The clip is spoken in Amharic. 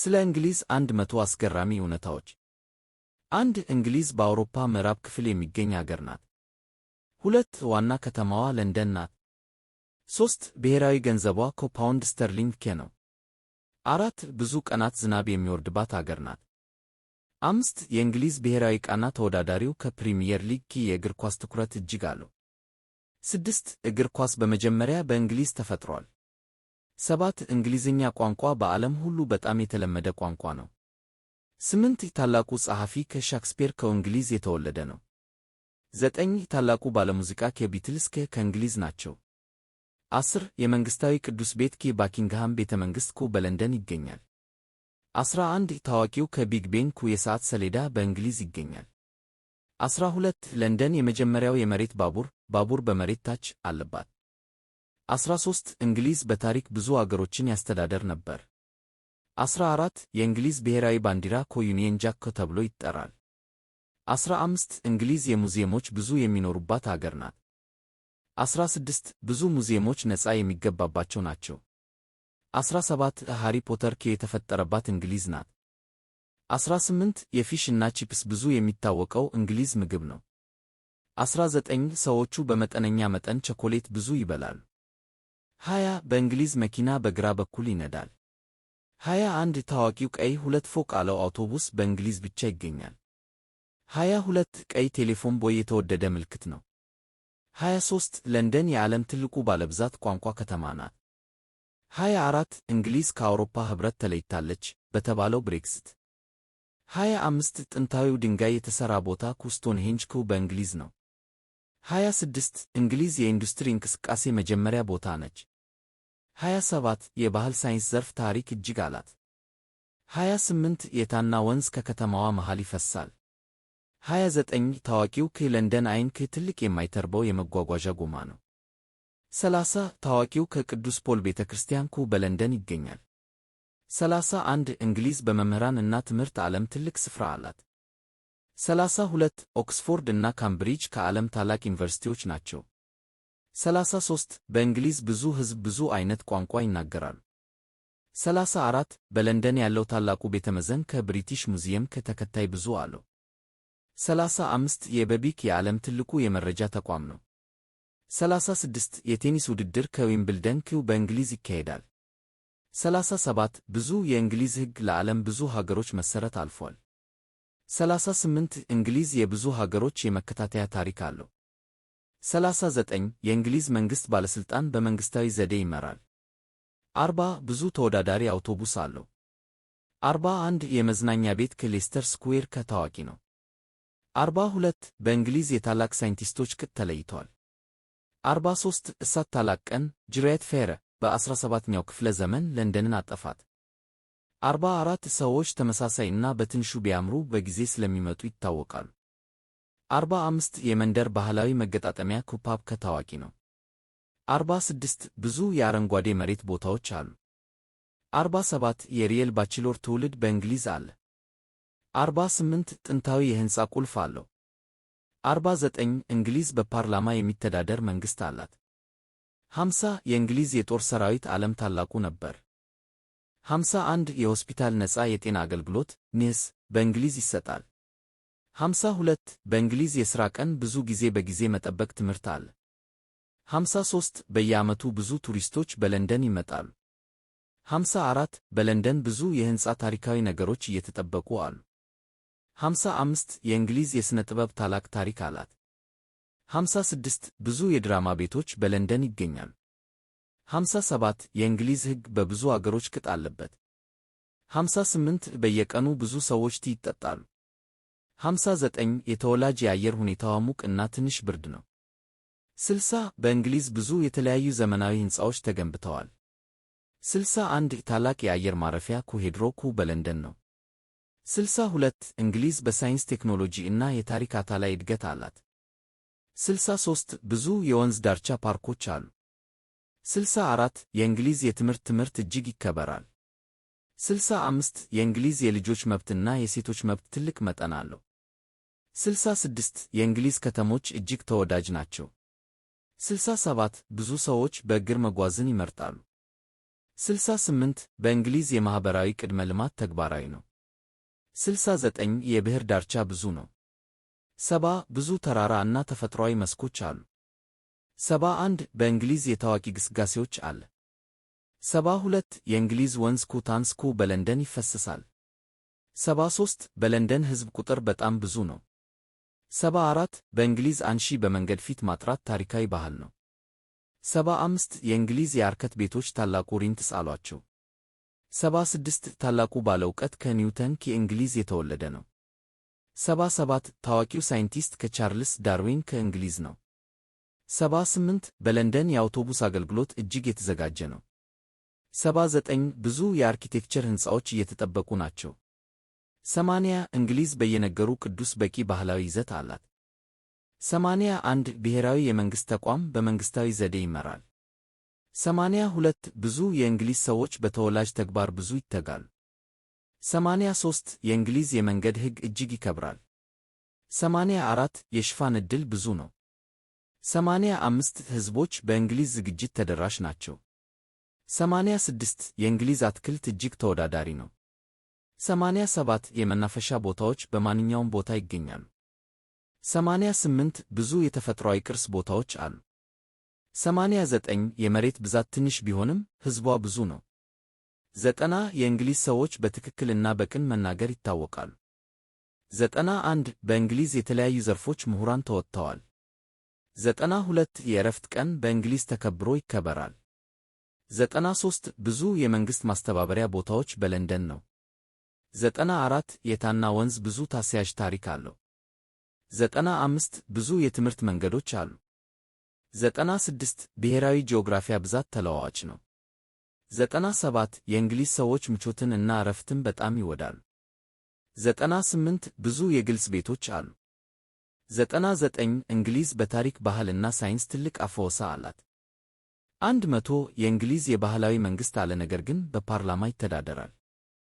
ስለ እንግሊዝ አንድ መቶ አስገራሚ እውነታዎች። አንድ እንግሊዝ በአውሮፓ ምዕራብ ክፍል የሚገኝ አገር ናት። ሁለት ዋና ከተማዋ ለንደን ናት። ሦስት ብሔራዊ ገንዘቧ ከፓውንድ ስተርሊንግ ኬ ነው። አራት ብዙ ቀናት ዝናብ የሚወርድባት አገር ናት። አምስት የእንግሊዝ ብሔራዊ ቃና ተወዳዳሪው ከፕሪምየር ሊግ ኪ የእግር ኳስ ትኩረት እጅግ አለው። ስድስት እግር ኳስ በመጀመሪያ በእንግሊዝ ተፈጥሯል። ሰባት እንግሊዝኛ ቋንቋ በዓለም ሁሉ በጣም የተለመደ ቋንቋ ነው። ስምንት ታላቁ ጸሐፊ ከሻክስፒር ከእንግሊዝ የተወለደ ነው። ዘጠኝ ታላቁ ባለሙዚቃ ከቢትልስ ከእንግሊዝ ናቸው። አስር የመንግሥታዊ ቅዱስ ቤት ኬ ባኪንግሃም ቤተ መንግሥት ኩ በለንደን ይገኛል። አስራ አንድ ታዋቂው ከቢግ ቤን ኩ የሰዓት ሰሌዳ በእንግሊዝ ይገኛል። አስራ ሁለት ለንደን የመጀመሪያው የመሬት ባቡር ባቡር በመሬት ታች አለባት። አስራ ሶስት እንግሊዝ በታሪክ ብዙ አገሮችን ያስተዳደር ነበር። አስራ አራት የእንግሊዝ ብሔራዊ ባንዲራ ኮዩኒየን ጃክ ተብሎ ይጠራል። አስራ አምስት እንግሊዝ የሙዚየሞች ብዙ የሚኖሩባት አገር ናት። አስራ ስድስት ብዙ ሙዚየሞች ነፃ የሚገባባቸው ናቸው። አስራ ሰባት ሃሪ ፖተር ኬ የተፈጠረባት እንግሊዝ ናት። አስራ ስምንት የፊሽ እና ቺፕስ ብዙ የሚታወቀው እንግሊዝ ምግብ ነው። አስራ ዘጠኝ ሰዎቹ በመጠነኛ መጠን ቸኮሌት ብዙ ይበላሉ። ሀያ በእንግሊዝ መኪና በግራ በኩል ይነዳል። ሀያ አንድ ታዋቂው ቀይ ሁለት ፎቅ አለው አውቶቡስ በእንግሊዝ ብቻ ይገኛል። ሀያ ሁለት ቀይ ቴሌፎን ቦይ የተወደደ ምልክት ነው። ሀያ ሦስት ለንደን የዓለም ትልቁ ባለብዛት ቋንቋ ከተማ ናት። ሀያ አራት እንግሊዝ ከአውሮፓ ኅብረት ተለይታለች በተባለው ብሬክሲት። ሀያ አምስት ጥንታዊው ድንጋይ የተሠራ ቦታ ስቶንሄንጅ በእንግሊዝ ነው። ሀያ ስድስት እንግሊዝ የኢንዱስትሪ እንቅስቃሴ መጀመሪያ ቦታ ነች። 27 የባህል ሳይንስ ዘርፍ ታሪክ እጅግ አላት። 28 የታና ወንዝ ከከተማዋ መሃል ይፈሳል። 29 ታዋቂው ከለንደን አይን ትልቅ የማይተርበው የመጓጓዣ ጎማ ነው። 30 ታዋቂው ከቅዱስ ፖል ቤተ ክርስቲያን ኩ በለንደን ይገኛል። 31 እንግሊዝ በመምህራን እና ትምህርት ዓለም ትልቅ ስፍራ አላት። 32 ኦክስፎርድ እና ካምብሪጅ ከዓለም ታላቅ ዩኒቨርሲቲዎች ናቸው። 33 በእንግሊዝ ብዙ ህዝብ ብዙ አይነት ቋንቋ ይናገራሉ። 34 በለንደን ያለው ታላቁ ቤተ መዘን ከብሪቲሽ ሙዚየም ከተከታይ ብዙ አለው። 35 የበቢክ የዓለም ትልቁ የመረጃ ተቋም ነው። 36 የቴኒስ ውድድር ከዊምብልደን ክው በእንግሊዝ ይካሄዳል። 37 ብዙ የእንግሊዝ ሕግ ለዓለም ብዙ ሀገሮች መሠረት አልፏል። 38 እንግሊዝ የብዙ ሀገሮች የመከታተያ ታሪክ አለው። 39 የእንግሊዝ መንግሥት ባለሥልጣን በመንግሥታዊ ዘዴ ይመራል። 40 ብዙ ተወዳዳሪ አውቶቡስ አለው። 41 የመዝናኛ ቤት ከሌስተር ስኩዌር ከታዋቂ ነው። 42 በእንግሊዝ የታላቅ ሳይንቲስቶች ቅጥ ተለይቷል። 43 እሳት ታላቅ ቀን ጅሪያት ፌረ በ17ኛው ክፍለ ዘመን ለንደንን አጠፋት። 44 ሰዎች ተመሳሳይና በትንሹ ቢያምሩ በጊዜ ስለሚመጡ ይታወቃሉ። አርባ አምስት የመንደር ባህላዊ መገጣጠሚያ ኩፓብ ከታዋቂ ነው። አርባ ስድስት ብዙ የአረንጓዴ መሬት ቦታዎች አሉ። አርባ ሰባት የሪየል ባችሎር ትውልድ በእንግሊዝ አለ። አርባ ስምንት ጥንታዊ የሕንፃ ቁልፍ አለው። አርባ ዘጠኝ እንግሊዝ በፓርላማ የሚተዳደር መንግሥት አላት። ሐምሳ የእንግሊዝ የጦር ሰራዊት ዓለም ታላቁ ነበር። ሐምሳ አንድ የሆስፒታል ነፃ የጤና አገልግሎት ኒስ በእንግሊዝ ይሰጣል። ሐምሳ ሁለት በእንግሊዝ የሥራ ቀን ብዙ ጊዜ በጊዜ መጠበቅ ትምህርት አለ። ሐምሳ ሦስት በየዓመቱ ብዙ ቱሪስቶች በለንደን ይመጣሉ። ሐምሳ አራት በለንደን ብዙ የሕንፃ ታሪካዊ ነገሮች እየተጠበቁ አሉ። ሃምሳ አምስት የእንግሊዝ የሥነ ጥበብ ታላቅ ታሪክ አላት። ሃምሳ ስድስት ብዙ የድራማ ቤቶች በለንደን ይገኛሉ። ሃምሳ ሰባት የእንግሊዝ ሕግ በብዙ አገሮች ቅጥ አለበት። ሃምሳ ስምንት በየቀኑ ብዙ ሰዎች ቲ ይጠጣሉ። 59 የተወላጅ የአየር ሁኔታዋ ሙቅ እና ትንሽ ብርድ ነው። 60 በእንግሊዝ ብዙ የተለያዩ ዘመናዊ ሕንፃዎች ተገንብተዋል። 61 ታላቅ የአየር ማረፊያ ኩሄድሮ ኩ በለንደን ነው። 62 እንግሊዝ በሳይንስ ቴክኖሎጂ እና የታሪክ አታላይ እድገት አላት። 63 ብዙ የወንዝ ዳርቻ ፓርኮች አሉ። 64 የእንግሊዝ የትምህርት ትምህርት እጅግ ይከበራል። 65 የእንግሊዝ የልጆች መብትና የሴቶች መብት ትልቅ መጠን አለው። ስልሳ ስድስት የእንግሊዝ ከተሞች እጅግ ተወዳጅ ናቸው። ስልሳ ሰባት ብዙ ሰዎች በእግር መጓዝን ይመርጣሉ። ስልሳ ስምንት በእንግሊዝ የማኅበራዊ ቅድመ ልማት ተግባራዊ ነው። ስልሳ ዘጠኝ የብሔር ዳርቻ ብዙ ነው። ሰባ ብዙ ተራራ እና ተፈጥሯዊ መስኮች አሉ። ሰባ አንድ በእንግሊዝ የታዋቂ ግስጋሴዎች አለ። ሰባ ሁለት የእንግሊዝ ወንዝ ኩታንስኩ በለንደን ይፈስሳል። ሰባ ሦስት በለንደን ሕዝብ ቁጥር በጣም ብዙ ነው። ሰባ አራት በእንግሊዝ አንሺ በመንገድ ፊት ማጥራት ታሪካዊ ባህል ነው። ሰባ አምስት የእንግሊዝ የአርከት ቤቶች ታላቁ ሪንትስ አሏቸው። ሰባ ስድስት ታላቁ ባለ እውቀት ከኒውተን ከእንግሊዝ የተወለደ ነው። ሰባ ሰባት ታዋቂው ሳይንቲስት ከቻርልስ ዳርዊን ከእንግሊዝ ነው። ሰባ ስምንት በለንደን የአውቶቡስ አገልግሎት እጅግ የተዘጋጀ ነው። ሰባ ዘጠኝ ብዙ የአርኪቴክቸር ሕንፃዎች እየተጠበቁ ናቸው። ሰማንያ እንግሊዝ በየነገሩ ቅዱስ በቂ ባህላዊ ይዘት አላት። ሰማንያ አንድ ብሔራዊ የመንግሥት ተቋም በመንግሥታዊ ዘዴ ይመራል። ሰማንያ ሁለት ብዙ የእንግሊዝ ሰዎች በተወላጅ ተግባር ብዙ ይተጋሉ። ሰማንያ ሦስት የእንግሊዝ የመንገድ ሕግ እጅግ ይከብራል። ሰማንያ አራት የሽፋን ዕድል ብዙ ነው። ሰማንያ አምስት ሕዝቦች በእንግሊዝ ዝግጅት ተደራሽ ናቸው። ሰማንያ ስድስት የእንግሊዝ አትክልት እጅግ ተወዳዳሪ ነው። ሰማንያ ሰባት የመናፈሻ ቦታዎች በማንኛውም ቦታ ይገኛሉ። ሰማንያ ስምንት ብዙ የተፈጥሯዊ ቅርስ ቦታዎች አሉ። ሰማንያ ዘጠኝ የመሬት ብዛት ትንሽ ቢሆንም ሕዝቧ ብዙ ነው። ዘጠና የእንግሊዝ ሰዎች በትክክልና በቅን መናገር ይታወቃሉ። ዘጠና አንድ በእንግሊዝ የተለያዩ ዘርፎች ምሁራን ተወጥተዋል። ዘጠና ሁለት የእረፍት ቀን በእንግሊዝ ተከብሮ ይከበራል። ዘጠና ሦስት ብዙ የመንግሥት ማስተባበሪያ ቦታዎች በለንደን ነው። ዘጠና አራት የታና ወንዝ ብዙ ታስያዥ ታሪክ አለው። ዘጠና አምስት ብዙ የትምህርት መንገዶች አሉ። ዘጠና ስድስት ብሔራዊ ጂኦግራፊያ ብዛት ተለዋዋጭ ነው። ዘጠና ሰባት የእንግሊዝ ሰዎች ምቾትን እና እረፍትን በጣም ይወዳሉ። ዘጠና ስምንት ብዙ የግልጽ ቤቶች አሉ። ዘጠና ዘጠኝ እንግሊዝ በታሪክ ባህልና ሳይንስ ትልቅ አፈወሳ አላት። አንድ መቶ የእንግሊዝ የባህላዊ መንግሥት አለ ነገር ግን በፓርላማ ይተዳደራል።